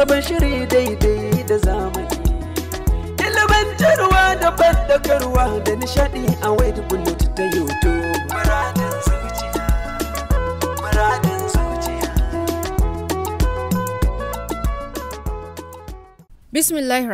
sabon shiri daidai da zamani ilimantarwa da bandakarwa da nishadi a wade bullet ta youtube muradin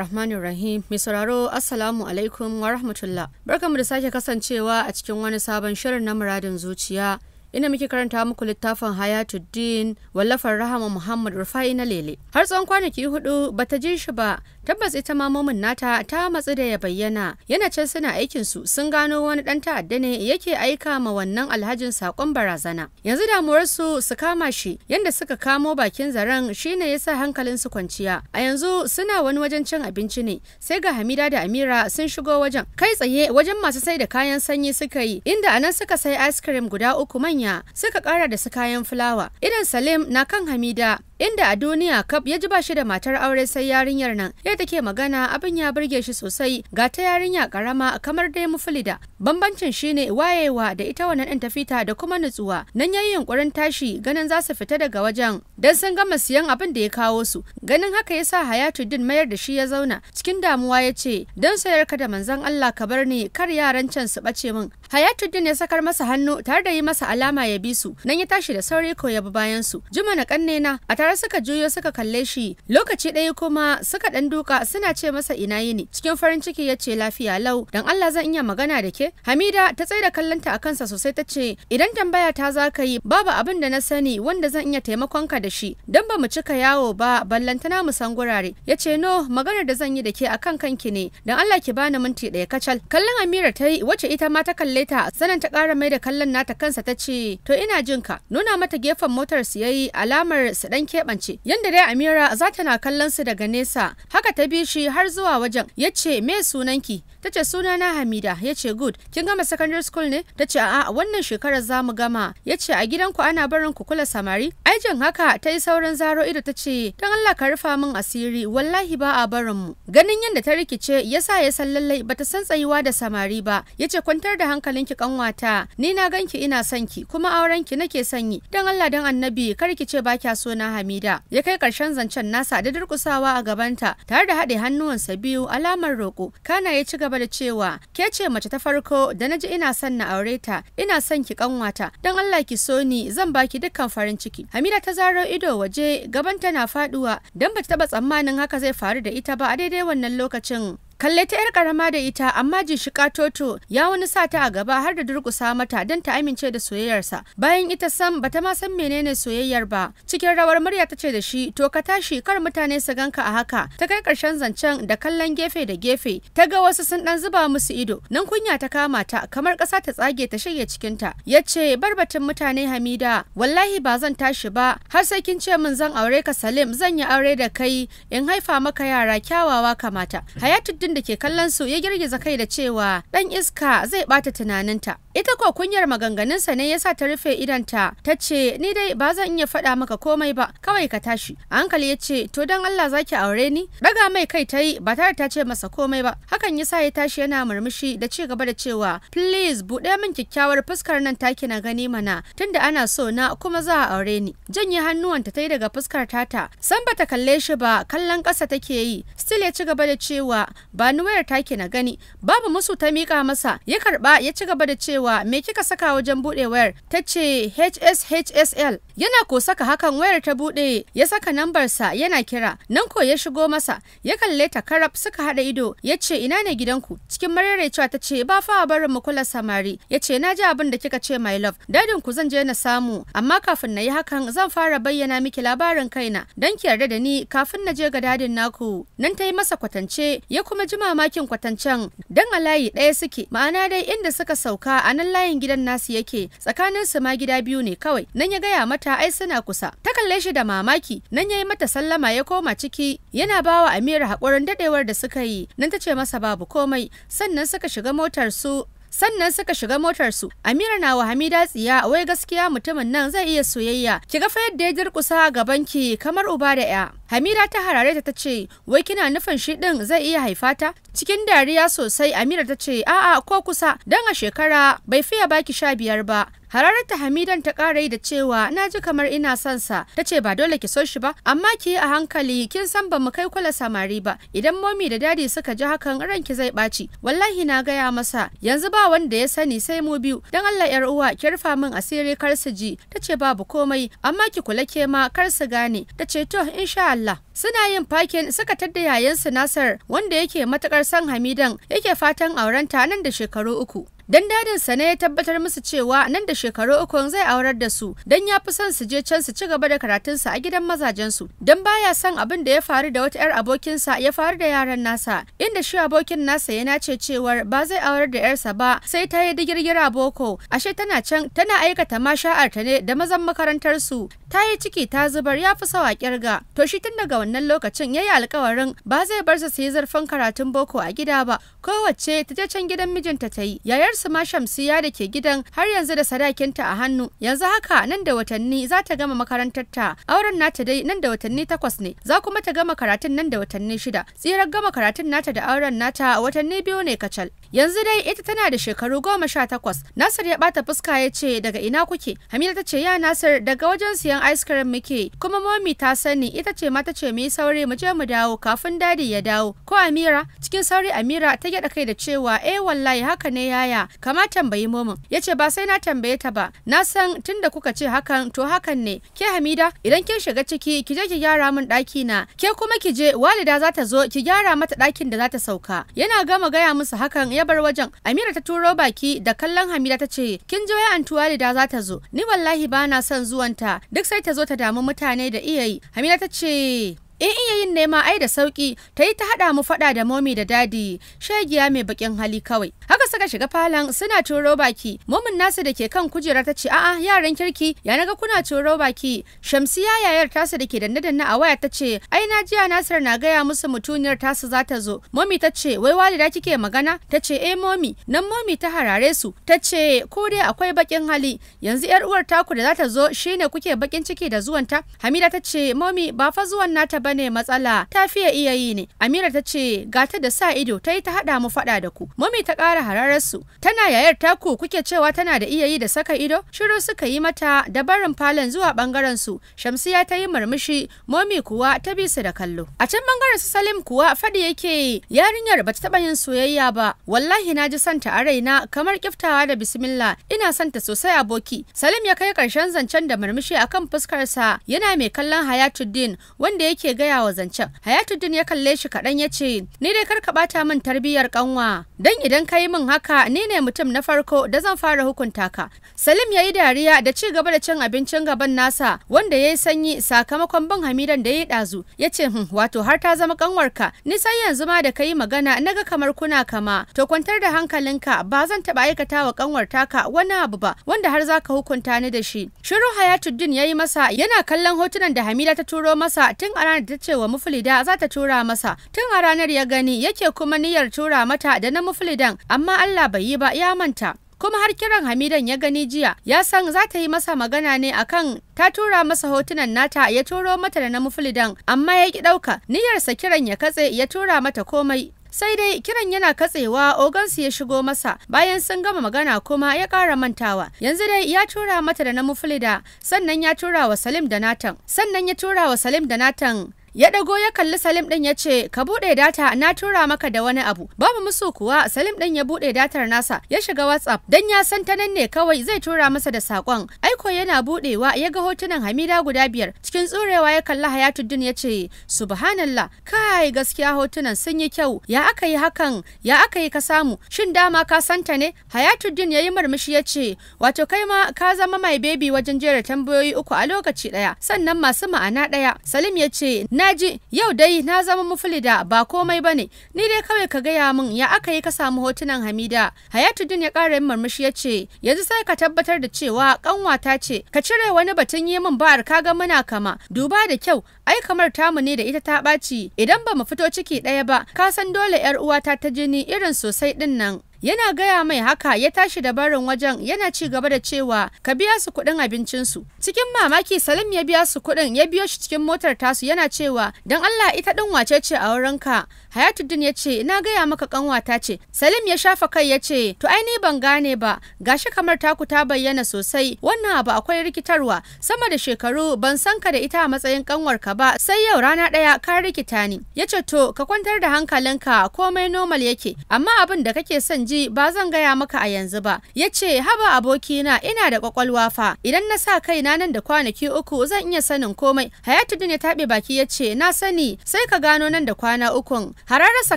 rahmanir rahim mai sauraro assalamu alaikum wa rahmatullah barkamu da sake kasancewa a cikin wani sabon shirin na muradin zuciya ina muke karanta muku littafin Hayatuddin wallafar Rahama Muhammad Rufai na Lele. Har tsawon kwanaki hudu bata ji shi ba tabbas ita ma momin nata ta matsu da ya bayyana yana can suna aikin su sun gano wani dan ta'adda ne yake aika ma wannan alhajin sakon barazana yanzu damuwar su su kama shi yanda suka kamo bakin zaren shine yasa hankalin su kwanciya a yanzu suna wani wajen cin abinci ne sai ga Hamida da Amira sun shigo wajen kai tsaye wajen masu sai da kayan sanyi suka yi inda anan suka sai ice cream guda uku manya suka kara da su kayan fulawa idan Salim na kan Hamida inda a duniya kaf ya ji ba shi da matar aure sai yarinyar nan ya take magana abin ya burge shi sosai ga ta yarinya karama kamar dai mufulida bambancin shine wayewa da ita wannan ɗin tafita da kuma nutsuwa nan yayi yunkurin tashi ganin za su fita daga wajen dan sun gama siyan abin da ya kawo su ganin haka ya sa din mayar da shi ya zauna cikin damuwa ya ce dan sayar ka da manzon Allah ka bar ni kar yaran can su bace min Hayatu din ya sakar masa hannu tare da yi masa alama ya bi su nan ya tashi da sauri ko ya bi bayan su juma na kanne na a kyar suka juyo suka kalle shi lokaci ɗaya kuma suka ɗan duka suna ce masa ina yini cikin farin ciki ya ce lafiya lau dan Allah zan iya magana da ke Hamida ta tsaye da kallonta a kansa sosai ta ce idan tambaya ta za ka yi babu abin da na sani wanda zan iya taimakon ka da shi dan ba mu cika yawo ba ballantana mu san gurare ya ce no maganar da zan yi da ke akan kanki ne dan Allah ki bani minti ɗaya kacal kallon Amira ta yi wacce ita ma ta kalle ta sanan ta ƙara mai da kallon nata kansa ta ce to ina jin ka nuna mata gefen motar su yayi alamar su ɗan keɓance yadda dai amira za ta na kallon su daga nesa haka ta bi shi har zuwa wajen ya ce me sunanki ta ce na hamida ya ce good kin gama secondary school ne ta ce a'a wannan shekarar za mu gama ya ce a gidanku ana barin ku kula samari aijin haka ta yi sauran zaro ido ta ce don allah ka rufa min asiri wallahi ba a barin mu ganin yadda ta rikice ya sa ya san lallai bata san tsayuwa da samari ba ya ce kwantar da ki kanwata ni na ganki ina son ki kuma aurenki nake sanyi yi don allah don annabi kar ki ce ba kya so na hamida ya kai ƙarshen zancen nasa da durkusawa a gabanta tare da haɗe hannuwansa biyu alamar roƙo kana ya ci gaba da cewa ke ce mace ta farko da na ji ina son na aure ta ina son ki kanwata don allah ki so ni zan baki dukkan farin ciki hamida ta zaro ido waje gabanta na faduwa don bata taɓa tsammanin haka zai faru da ita ba a daidai wannan lokacin kalle ta yar karama da ita amma jishika toto ya wani sa ta a gaba har da durkusa mata don ta amince da soyayyarsa bayan ita sam bata ma san menene soyayyar ba cikin rawar murya ta ce da shi to ka tashi kar mutane su ganka a haka ta kai karshen zancen da kallon gefe da gefe ta ga wasu sun dan zuba musu ido nan kunya ta kama ta kamar kasa ta tsage ta shige cikin ta yace barbatin mutane Hamida wallahi ba zan tashi ba har sai kin ce min zan aure ka Salim zan yi aure da kai in haifa maka yara kyawawa kamata Hayatu sojojin da ke kallon su ya girgiza kai da cewa dan iska zai bata tunaninta Ita ko kunyar maganganunsa ne yasa ta rufe idanta ta ce ni dai ba zan iya faɗa maka komai ba kawai ka tashi. hankali ya ce to don Allah zaki aure ni? Daga mai kai ta yi ba tare ta ce masa komai ba. Hakan yasa ya tashi yana murmushi da ci gaba da cewa please buɗe min kyakkyawar fuskar nan taki na gani mana tunda ana so na kuma za a aure ni. Janye hannuwanta ta yi daga fuskar tata. San bata kalle shi ba kallon ƙasa take yi. Still ya ci gaba da cewa ba ni wayar taki na gani. Babu musu ta miƙa masa ya karɓa ya ci gaba da cewa cewa me kika saka wajen buɗe wayar ta ce hshsl yana ko saka hakan wayar ta buɗe ya saka nambarsa yana kira nan ko ya shigo masa ya kalle ta karab suka haɗa ido ya ce ina ne gidanku cikin cewa ta ce ba fa barin mu kula samari ya ce na ji abin da kika ce my love dadin ku zan je na samu amma kafin na yi hakan zan fara bayyana miki labarin kaina don ki yarda da ni kafin na je ga dadin naku nan ta yi masa kwatance ya kuma ji mamakin kwatancen dan a layi ɗaya suke ma'ana dai inda suka sauka a nan layin gidan nasu yake tsakanin su ma gida biyu ne kawai nan ya gaya mata ta ai suna kusa ta kalle shi da mamaki nan yayi mata sallama ya koma ciki yana bawa Amira hakurin dadewar da suka yi nan ta ce masa babu komai sannan suka shiga motar su sannan suka shiga motarsu amira na wa hamida tsiya wai gaskiya mutumin nan zai iya soyayya kiga fa yadda ya durkusa gaban ki kamar uba da ya Hamira ta harare ta ce, "Wai kina nufin shi ɗin zai iya haifa ta?" Cikin dariya sosai Amira ta ce, "A'a ko kusa, Dan a shekara bai fiya baki sha biyar ba." Hararar ta Hamidan ta ƙara yi da cewa na ji kamar ina son sa ta ce ba dole ki so shi ba amma ki yi a hankali kin san ba mu kai kula samari ba idan momi da dadi suka ji hakan ranki zai ɓaci wallahi na gaya masa yanzu ba wanda ya sani sai mu biyu dan Allah yar uwa ki rufa min asiri kar su ji ta ce babu komai amma ki kula ke ma kar su gane ta ce to insha الله suna yin fakin suka tadda yayansu Nasar wanda yake matakar san Hamidan yake fatan aurenta nan da shekaru uku. Dan dadinsa ne ya tabbatar musu cewa nan da shekaru uku zai aurar da su dan ya fi son su je can su ci gaba da karatun sa a gidan mazajensu dan baya son abin da ya faru da wata 'yar abokinsa ya faru da yaran nasa inda shi abokin nasa yana ce cewar ba zai aurar da 'yarsa ba sai ta yi digirgira boko ashe tana can tana aikata masha'arta ne da mazan makarantarsu ta yi ciki ta zubar ya fi sawa kirga to shi tun daga wannan lokacin ya yi alkawarin ba zai bar su yi zarfin karatun boko a gida ba kowace ta je can gidan mijinta ta yi Yayar su ma shamsiya da ke gidan har yanzu da sadakinta a hannu yanzu haka nan da watanni za ta gama makarantarta auren nata dai nan da watanni takwas ne za kuma ta gama karatun nan da watanni shida tsirar gama karatun nata da auren nata watanni biyu ne kacal yanzu dai ita tana da shekaru goma sha takwas nasir ya bata fuska ya ce daga ina kuke hamila ta ce ya nasir daga wajen siyan ice cream muke kuma momi ta sani ita ce ma ta ce mu yi sauri mu je mu dawo kafin dadi ya dawo ko Amira cikin sauri Amira ta gyada kai da cewa eh wallahi haka ne yaya kama tambayi Ya ce, ba sai na tambaye ta ba na san tunda kuka ce hakan to hakan ne ke Hamida idan kin shiga ciki ki je ki gyara min daki na ke kuma ki je walida za ta zo ki gyara mata ɗakin da za ta sauka yana gama gaya musu hakan ya bar wajen Amira ta turo baki da kallon Hamida ta ce kin je wai antu walida za ta zo ni wallahi ba na son zuwanta duk sai ta zo ta damu mutane da iyayi Hamida ta ce in iya yin nema ai da sauki ta yi ta haɗa mu faɗa da momi da dadi shagiya mai bakin hali kawai haka suka shiga falon suna coro baki momin nasu da ke kan kujera ta ce a'a yaran kirki ya naga kuna coro baki shamsiya yayar tasu da ke danne danne a waya ta ce ai na jiya nasir na gaya musu mutuniyar tasu za ta zo momi ta ce wai walida kike magana ta ce eh momi nan momi ta harare su ta ce ko dai akwai bakin hali yanzu yar uwar taku da za ta zo shine kuke bakin ciki da zuwanta hamida ta ce momi ba fa zuwan nata bane matsala ta fiye iya yi ne amira ta ce gata da sa ido ta yi ta haɗa mu faɗa da ku mami ta ƙara hararar su tana yayar taku kuke cewa tana da iya yi da saka ido shiru suka yi mata da barin falon zuwa bangaren su shamsiya ta yi murmushi mami kuwa ta bi su da kallo a can bangaren su salim kuwa faɗi yake yarinyar bata taɓa yin soyayya ba wallahi na ji santa a raina kamar kiftawa da bismillah ina santa sosai aboki salim ya kai ƙarshen zancen da murmushi akan fuskarsa yana mai kallon hayatuddin wanda yake gaya wa zancen hayatuddin ya kalle shi kaɗan ya ce ni dai kar ka bata min tarbiyyar kanwa dan idan ka yi min haka ni ne mutum na farko da zan fara hukunta ka salim ya yi dariya da ci gaba da cin abincin gaban nasa wanda ya yi sanyi sakamakon bin hamidan da ya yi ɗazu ya ce hmm, wato har ta zama kanwarka ni sai yanzu ma da ka yi magana naga kamar kuna kama to kwantar da hankalinka ba zan taɓa aikata wa kanwar taka wani abu ba wanda har za ka hukunta ni da shi shiru hayatuddin ya yi masa yana kallon hotunan da hamida ta turo masa tun a ranar yarda cewa mufulida za ta tura masa tun a ranar ya gani yake kuma niyyar tura mata da na mufulidan amma Allah bai yi ba ya manta kuma har kiran Hamidan ya gani jiya ya san za ta yi masa magana ne akan ta tura masa hotunan nata ya turo mata da na mufulidan. amma ya ki ɗauka niyyarsa kiran ya katse ya tura mata komai sai dai kiran yana katsewa ogansu ya shigo masa bayan sun gama magana kuma ya ƙara mantawa yanzu dai ya tura mata da na mufulida sannan ya tura wa salim da natan sannan ya tura wa salim da natan ya ɗago ya kalli Salim ɗin ya ce ka buɗe data na tura maka da wani abu babu musu kuwa Salim ɗin ya buɗe datar nasa ya shiga WhatsApp dan ya san ta nan ne kawai zai tura masa da sakon aiko yana buɗewa ya ga hotunan Hamida guda biyar cikin tsurewa ya kalli Hayatuddin ya ce subhanallah kai gaskiya hotunan sun yi kyau ya aka yi hakan ya aka yi ka samu shin dama ka ta ne Hayatuddin ya yi murmushi ya ce wato kai ma ka zama mai baby wajen jera tambayoyi uku a lokaci ɗaya. sannan masu ma'ana ɗaya. Salim ya ce na yaji yau dai na zama mufulida ba komai bane ni dai kawai ka gaya min ya aka yi ka samu hotunan Hamida hayatu din ya kara yin murmushi ya ce yanzu sai ka tabbatar da cewa kanwata ce ka cire wani batun yi min ba'ar ga muna kama duba da kyau ai kamar tamu ne da ita ta ɓaci idan ba mu fito ciki ɗaya ba ka san dole yar uwata ta jini irin sosai ɗin nan yana gaya mai haka ya tashi da barin wajen yana ci gaba da cewa ka biya su kuɗin abincinsu cikin mamaki salim ya biya su kuɗin ya biyo shi cikin motar tasu yana cewa don allah ita ɗin wace ce a wurinka Hayatuddin ya ce na gaya maka kanwata ce. Salim ya shafa kai ya ce to ai ni ban gane ba gashi kamar taku ta bayyana sosai wannan abu akwai rikitarwa sama da shekaru ban san ka da ita a matsayin kanwarka ba sai yau rana ɗaya ka rikita ni. Ya ce to ka kwantar da hankalinka komai normal yake amma abin da kake son ji ba zan gaya maka a yanzu ba. Ya ce haba abokina ina da kwakwalwa fa idan na sa kaina nan da kwanaki uku zan iya sanin komai. Hayatuddin ya taɓe baki ya ce na sani sai ka gano nan da kwana ukun hararsa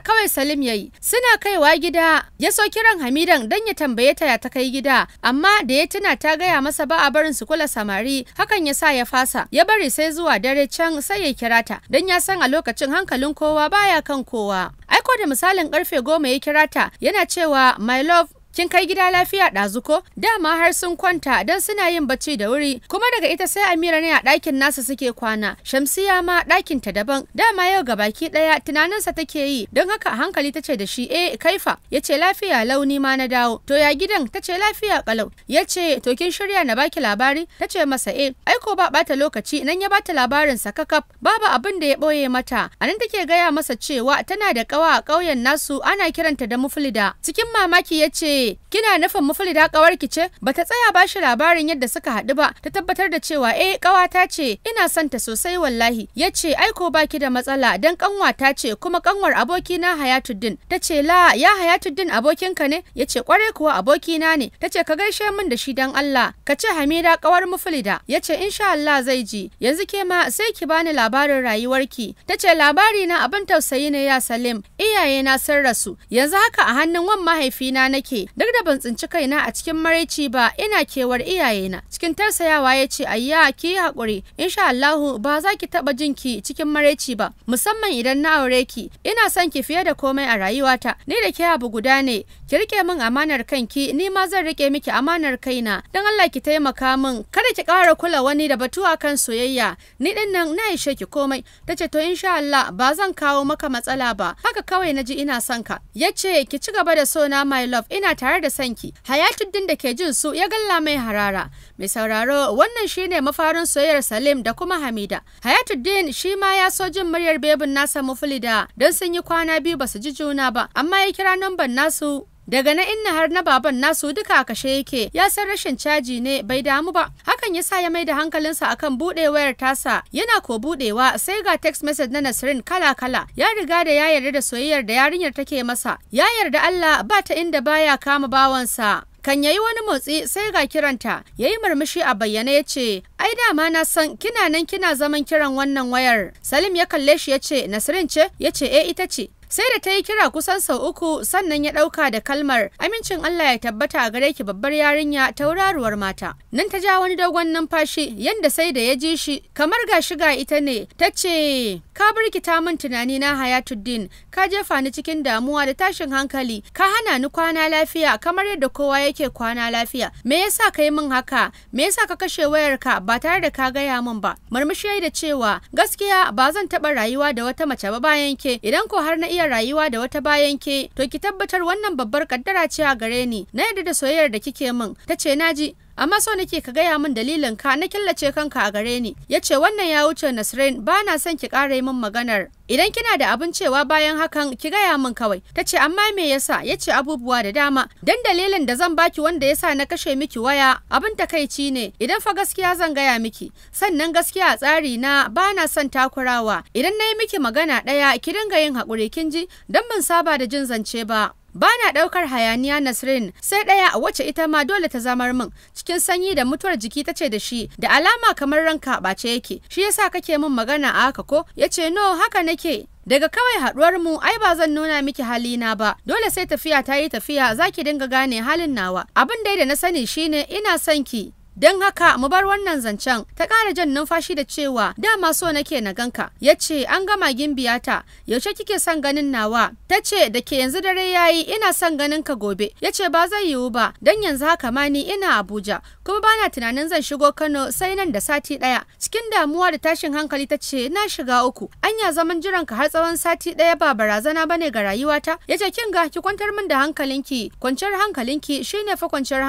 kawai Salim yayi suna kaiwa gida ya so kiran Hamidan dan ya tambaye ta ya ta kai gida amma da ya tuna ta gaya masa ba a barin su kula samari hakan ya sa ya fasa ya bari sai zuwa dare can sai ya kira ta dan ya san a lokacin hankalin kowa baya kan kowa aiko da misalin karfe goma ya kira ta yana cewa my love kin kai gida lafiya ɗazu ko dama har sun kwanta don suna yin bacci da wuri kuma daga ita sai amira ne a ɗakin nasa suke kwana shamsiya ma ɗakin ta daban dama yau ga baki ɗaya tunaninsa take yi don haka hankali tace da shi eh kaifa Yace lafiya launi ma na dawo to ya gidan Tace lafiya kalau Yace, to kin shirya na baki labari tace masa eh aiko ba bata lokaci nan ya bata labarin sa kakaf babu abin da ya ɓoye mata anan take gaya masa cewa tana da kawa a ƙauyen nasu ana kiranta da muflida cikin mamaki yace kina nufin mufulida kawarki ce Ba ta tsaya ba shi labarin yadda suka haɗu ba ta tabbatar da cewa eh kawata ce ina son ta sosai wallahi ya ce aiko baki da matsala dan kanwata ce kuma kanwar abokina Hayatuddin ta ce la ya Hayatuddin abokinka ne ya ce kwarai kuwa abokina ne ta ce ka gaishe min da shi dan Allah ka ce Hamida kawar mufulida ya ce insha Allah zai ji yanzu ke ma sai ki bani labarin rayuwarki ta ce labari na abin tausayi ne ya Salim iyaye na sun rasu yanzu haka a hannun wan mahaifina nake duk da ban tsinci kaina a cikin maraici ba ina kewar iyayena cikin tausayawa ya ce ayya ki yi haƙuri insha Allahu ba za ki taɓa jin ki cikin maraici ba musamman idan na aure ki ina son ki fiye da komai a rayuwata ni da ke abu guda ne ki rike min amanar kanki ni ma zan rike miki amanar kaina don Allah ki taimaka min kada ki ƙara kula wani da batuwa kan soyayya ni din nan na ishe ki komai tace to insha Allah ba zan kawo maka matsala ba haka kawai na ji ina son ka yace ki ci gaba da sona my love ina tare da sanki hayatuddin da ke jin su ya galla mai harara mai sauraro wannan shine mafarin soyayyar salim da kuma hamida hayatuddin shi ma ya so jin muryar bebin nasa mufulida don sun yi kwana biyu basu ji juna ba amma ya kira namban nasu daga na inna har na baban nasu duka a kashe yake ya san rashin caji ne bai damu ba hakan yasa ya mai da hankalinsa akan buɗe wayar tasa yana ko buɗewa sai ga text message na Nasrin kala kala ya riga da ya yarda da soyayyar da yarinyar take masa ya yarda Allah ba ta inda baya kama bawansa kan yayi wani motsi sai ga kiranta yayi murmushi a bayyane ya ce ai dama na san kina nan kina zaman kiran wannan wayar salim ya kalle shi ya ce nasirin ce ya ce e ita ce sai da ta yi kira kusan sau uku sannan ya ɗauka da kalmar amincin Allah ya tabbata gare ki babbar yarinya tauraruwar mata nan ta ja wani dogon numfashi yanda sai da ya ji shi kamar ga shiga ita ne ta ce ka birkita min tunani na Hayatuddin ka jefa ni cikin damuwa da tashin hankali ka hana ni kwana lafiya kamar yadda kowa yake kwana lafiya me yasa ka yi min haka me yasa ka kashe wayar ka ba tare da ka gaya min ba murmushi da cewa gaskiya ba zan taɓa rayuwa da wata mace ba bayan ke idan ko har na iya iya rayuwa da wata bayan ke to ki tabbatar wannan babbar kaddara ce a gare ni na yadda da soyayyar da kike min ta ce naji amma so nake ka gaya min dalilin ka na killace kanka a gare ni yace wannan ya wuce Nasrin ba na son ki ƙara min maganar idan kina da abin cewa bayan hakan ki gaya min kawai tace amma me yasa yace abubuwa da dama dan dalilin da zan baki wanda yasa na kashe miki waya abin takaici ne idan fa gaskiya zan gaya miki sannan gaskiya tsari na ba na son takurawa idan na yi miki magana ɗaya ki dinga yin haƙuri kin ji dan ban saba da jin zance ba Bana daukar ɗaukar hayaniya Nasrin sai ɗaya wace ita ma dole ta zamar min cikin sanyi da mutuwar jiki tace da shi da alama kamar ranka ɓace yake shi yasa kake min magana a haka ko yace no haka nake daga kawai haduwar mu ai ba zan nuna miki hali na ba dole sai tafiya ta yi tafiya zaki dinga gane halin nawa abin dai da na sani shine ina son ki don haka mu bar wannan zancen ta ƙara jan numfashi da cewa dama so nake na ganka ya ce an gama gimbiya ta. yaushe kike son ganin nawa ta ce da ke yanzu dare yayi ina son ganin ka gobe ya ce ba zai yiwu ba don yanzu haka ma ni ina abuja kuma bana tunanin zan shigo kano sai nan da sati ɗaya cikin damuwa da tashin hankali ta ce na shiga uku anya zaman jiran ka har tsawon sati ɗaya ba barazana bane ga rayuwata ya ce kin ga ki kwantar min da hankalinki kwanciyar hankalinki shine fa kwanciyar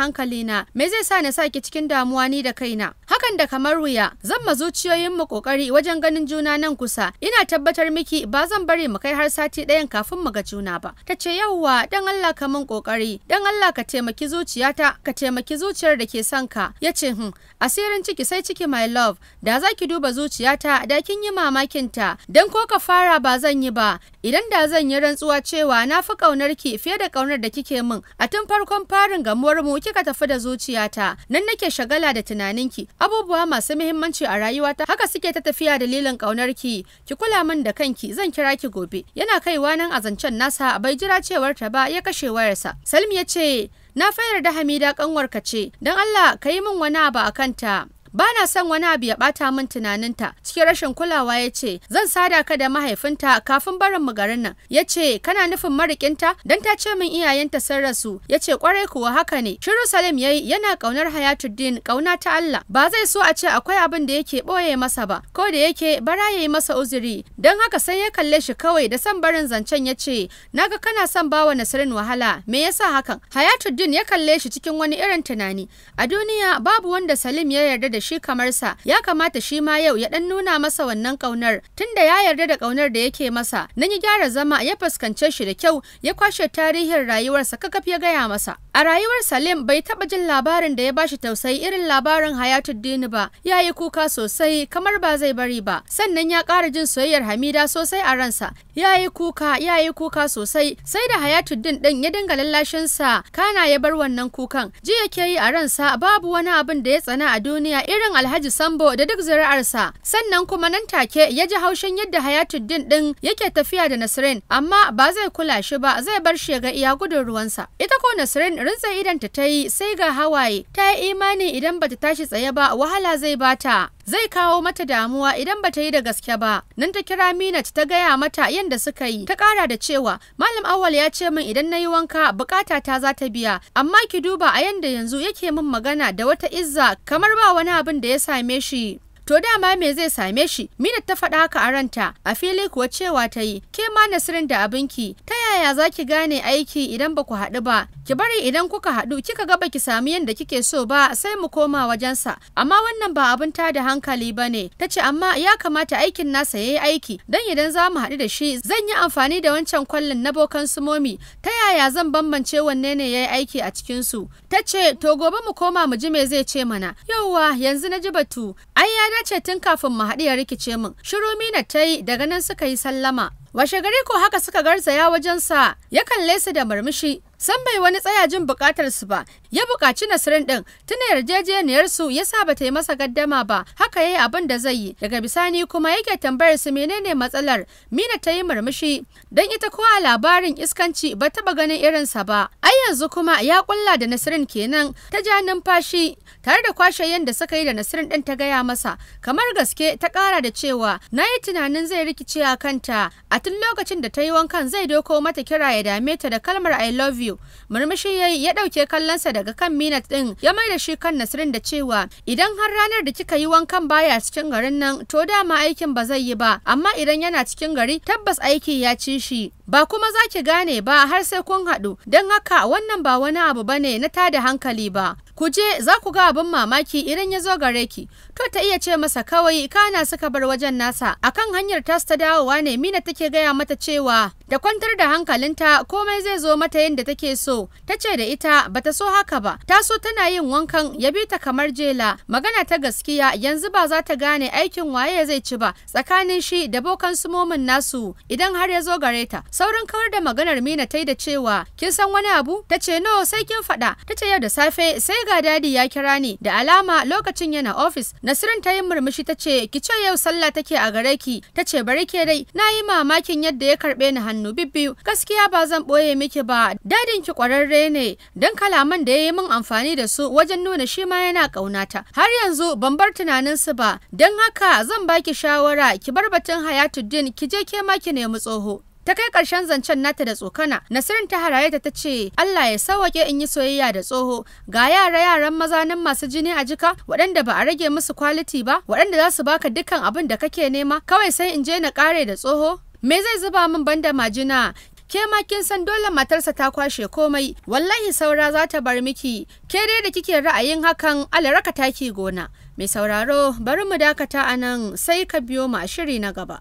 na. me zai sa na saki cikin da damuwa ni da kaina hakan da kamar wuya zan ma zuciyoyin mu kokari wajen ganin juna nan kusa ina tabbatar miki ba zan bari mu kai har sati ɗayan kafin mu ga juna ba ta ce yawwa dan Allah ka min kokari dan Allah ka taimaki zuciyata ka taimaki zuciyar da ke son ka yace hm asirin ciki sai ciki my love da za ki duba zuciyata da kin yi mamakin ta dan ko ka fara ba zan yi ba idan da zan yi rantsuwa cewa na fi kaunar ki fiye da kaunar da kike min a tun farkon farin gamuwar mu kika tafi da zuciyata nan nake shagala da tunaninki abubuwa masu muhimmanci a rayuwata haka suke ta tafiya dalilin ƙaunarki ki kula min da kanki zan kira ki gobe yana kaiwa nan a zancen nasa bai jira cewar ta ba ya kashe wayarsa salmi ya ce na fayar da hamida kanwarka ce don allah ka yi min wani abu a kanta ba na son wani abu ya bata min tunaninta cikin rashin kulawa ya ce zan sada ka da mahaifinta kafin barin mu garin nan ya ce kana nufin marikinta Don ta ce min iyayenta sun rasu ya ce kwarai kuwa haka ne shiru salim yayi yana kaunar hayatuddin kauna ta Allah ba zai so a ce akwai abin da yake ɓoye masa ba ko da yake bara ya yi masa uzuri Don haka sai ya kalle shi kawai da son barin zancen ya ce ga kana son bawa Nasirin wahala me yasa hakan hayatuddin ya kalle shi cikin wani irin tunani a duniya babu wanda Salim ya yarda da da shi kamar sa ya kamata shi ma yau ya dan nuna masa wannan kaunar tunda ya yarda da kaunar da yake masa nan ya gyara zama ya fuskance shi da kyau ya kwashe tarihin rayuwarsa kakaf ya gaya masa A rayuwar Salim bai taɓa jin labarin da ya bashi tausayi irin labarin Hayatuddin ba, ya yi kuka sosai kamar ba zai bari ba, sannan ya ƙara jin soyayyar Hamida sosai a ransa, ya yi kuka, ya yi kuka sosai, sai da hayatudin ɗin ya dinga lallashinsa, kana ya bar wannan kukan, ji yake yi a ransa babu wani abin da ya tsana a duniya irin Alhaji Sambo da duk zuri'arsa, sannan kuma nan take ya ji haushin yadda Hayatuddin ɗin yake tafiya da Nasrin, amma ba zai kula shi ba, zai bar shi ga iya gudun ruwansa. Ita ko Nasrin rinsa idanta ta yi sai ga hawaye ta yi imani idan bata tashi tsaye ba wahala zai bata zai kawo mata damuwa idan bata yi da gaske ba nan ta kira Minat ta gaya mata yadda suka yi ta kara da cewa malam awal ya ce min idan na yi wanka bukata ta za ta biya amma ki duba a yanda yanzu yake min magana da wata izza kamar ba wani abin da ya same shi to dama me zai same shi mina ta faɗa haka a ranta a fili kuwa cewa ta yi ke ma nasirin da abinki ta yaya za ki gane aiki idan ba ku haɗu ba ki bari idan kuka haɗu kika ga baki samu yadda kike so ba sai mu koma wajensa amma wannan ba abin ta da hankali ba ne ta ce amma ya kamata aikin nasa ya yi aiki don idan za mu haɗu da shi zan yi amfani da wancan kwallon na bokan sumomi ta yaya zan bambance wanne ne ya yi aiki a cikinsu ta ce to gobe mu koma mu ji me zai ce mana yauwa yanzu na ji batu ai ya dace tun kafin mu haɗu ya rikice min shiru mina ta yi daga nan suka yi sallama washe gari ko haka suka garzaya wajensa ya kalle su da murmushi san bai wani tsaya jin bukatar su ba ya buƙaci nasirin ɗin tuna yarjejeniyarsu ya sa ba ta yi masa gaddama ba haka ya yi abin da zai yi daga bisani kuma yake tambayar su menene matsalar Mina ta yi murmushi don ita ko a labarin iskanci ba taɓa ganin irinsa ba ai yanzu kuma ya ƙulla da nasirin kenan ta ja numfashi tare da kwashe da suka yi da nasirin ɗin ta gaya masa kamar gaske ta ƙara da cewa na yi tunanin zai rikice a kanta a tun lokacin da ta yi wankan zai doko mata kira ya dame ta da kalmar I love you murmushi ya yi ya ɗauke kallonsa da daga kan Minat din ya mai da shi kan nasirin da cewa idan har ranar da kika yi wankan baya cikin garin nan to dama aikin ba zai yi ba amma idan yana cikin gari tabbas aiki ya ci shi ba kuma za ki gane ba har sai kun haɗu don haka wannan ba wani abu bane na tada hankali ba ku je za ku ga abin mamaki idan ya zo gare ki to ta iya ce masa kawai kana suka bar wajen nasa akan hanyar tas ta dawowa ne mina take gaya mata cewa da kwantar da hankalinta komai zai zo mata yadda take so ta ce da ita bata so haka ba ta so tana yin wankan ya bi ta kamar jela magana ta gaskiya yanzu ba za ta gane aikin waye zai ci ba tsakanin shi da bokan sumomin nasu idan har ya zo gare ta saurin kawar da maganar mina ta da cewa kin san wani abu ta ce no sai kin faɗa ta ce yau da safe sai Dadi ya kira ni da alama lokacin yana ofis. Nasirin ta yi murmushi ta ce ki ce yau sallah take a gare ki. Ta ce bari ke dai na yi mamakin yadda ya karɓe ni hannu bibbiyu. Gaskiya ba zan ɓoye miki ba. Dadin ki ƙwararre ne don kalaman da ya yi min amfani da su wajen nuna shi ma yana ƙaunata. Har yanzu ban bar tunanin su ba. Don haka zan baki shawara ki bar batun Hayatuddin ki je ke ma ki nemi tsoho. ta kai ƙarshen zancen nata da tsokana nasirin ta haraye ta ta ce allah ya sauwake in yi soyayya da tsoho ga yara yaran maza nan masu jini a jika waɗanda ba a rage musu kwaliti ba waɗanda za su baka dukkan abin da kake nema kawai sai in je na kare da tsoho me zai zuba min banda majina ke ma kin san dole matarsa ta kwashe komai wallahi saura za ta bar miki ke dai da kike ra'ayin hakan alaraka taki gona mai sauraro bari mu dakata a nan sai ka biyo ma shiri na gaba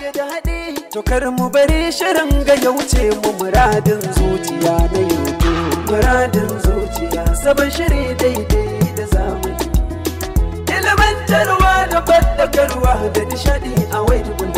da to kar mu bari shirin ga ya wuce mu muradin zuciya na yau muradin zuciya sabon shiri daidai da zamani ilmantarwa da faddakarwa da nishadi a wai